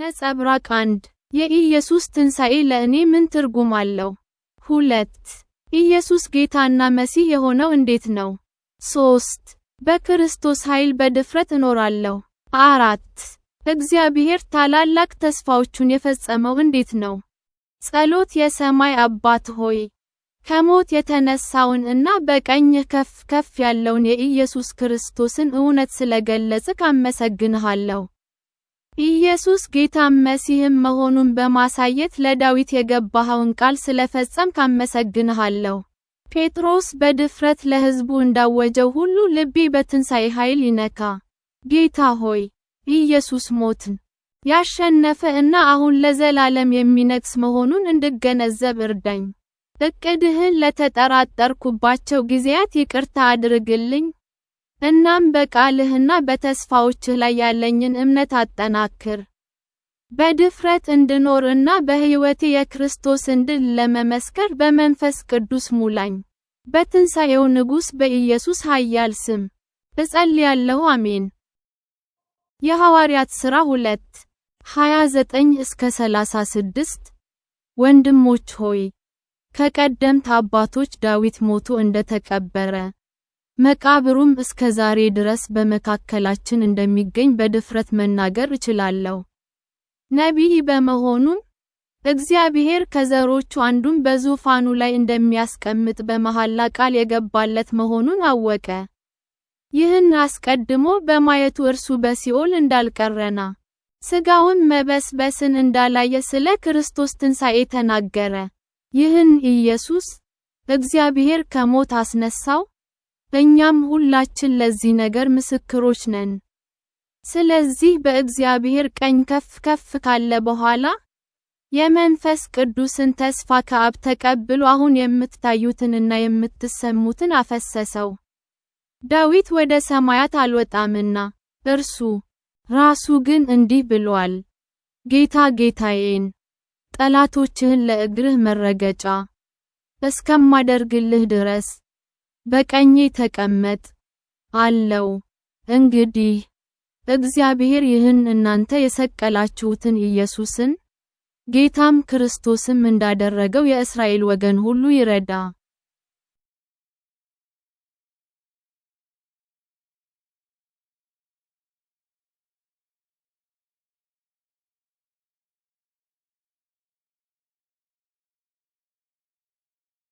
ነጸብራቅ አንድ የኢየሱስ ትንሣኤ ለእኔ ምን ትርጉም አለው? ሁለት ኢየሱስ ጌታና መሲህ የሆነው እንዴት ነው? ሶስት በክርስቶስ ኃይል በድፍረት እኖራለሁ። አራት እግዚአብሔር ታላላቅ ተስፋዎቹን የፈጸመው እንዴት ነው? ጸሎት የሰማይ አባት ሆይ፣ ከሞት የተነሳውን እና በቀኝህ ከፍ ከፍ ያለውን የኢየሱስ ክርስቶስን እውነት ስለገለጽክ አመሰግንሃለሁ። ኢየሱስ ጌታም መሲህም መሆኑን በማሳየት ለዳዊት የገባኸውን ቃል ስለፈጸምክ አመሰግንሃለሁ። ጴጥሮስ በድፍረት ለሕዝቡ እንዳወጀው ሁሉ ልቤ በትንሣኤ ኃይል ይነካ። ጌታ ሆይ፣ ኢየሱስ ሞትን ያሸነፈ እና አሁን ለዘላለም የሚነክስ መሆኑን እንድገነዘብ እርዳኝ። እቅድህን ለተጠራጠርኩባቸው ጊዜያት ይቅርታ አድርግልኝ። እናም በቃልህና በተስፋዎችህ ላይ ያለኝን እምነት አጠናክር። በድፍረት እንድኖር እና በሕይወቴ የክርስቶስን ድል ለመመስከር በመንፈስ ቅዱስ ሙላኝ። በትንሣኤው ንጉሥ በኢየሱስ ኃያል ስም እጸልያለሁ፣ አሜን። የሐዋርያት ሥራ 2 29 እስከ 36 ወንድሞች ሆይ፣ ከቀደምት አባቶች ዳዊት ሞቶ እንደተቀበረ መቃብሩም እስከ ዛሬ ድረስ በመካከላችን እንደሚገኝ በድፍረት መናገር እችላለሁ። ነቢይ በመሆኑም እግዚአብሔር ከዘሮቹ አንዱን በዙፋኑ ላይ እንደሚያስቀምጥ በመሐላ ቃል የገባለት መሆኑን አወቀ። ይህን አስቀድሞ በማየቱ እርሱ በሲኦል እንዳልቀረና ሥጋውን መበስበስን እንዳላየ ስለ ክርስቶስ ትንሣኤ ተናገረ። ይህን ኢየሱስ እግዚአብሔር ከሞት አስነሳው እኛም ሁላችን ለዚህ ነገር ምስክሮች ነን። ስለዚህ በእግዚአብሔር ቀኝ ከፍ ከፍ ካለ በኋላ የመንፈስ ቅዱስን ተስፋ ከአብ ተቀብሎ አሁን የምትታዩትንና የምትሰሙትን አፈሰሰው። ዳዊት ወደ ሰማያት አልወጣምና፣ እርሱ ራሱ ግን እንዲህ ብሏል፣ ጌታ ጌታዬን፣ ጠላቶችህን ለእግርህ መረገጫ እስከማደርግልህ ድረስ በቀኜ ተቀመጥ አለው። እንግዲህ እግዚአብሔር ይህን እናንተ የሰቀላችሁትን ኢየሱስን ጌታም ክርስቶስም እንዳደረገው የእስራኤል ወገን ሁሉ ይረዳ።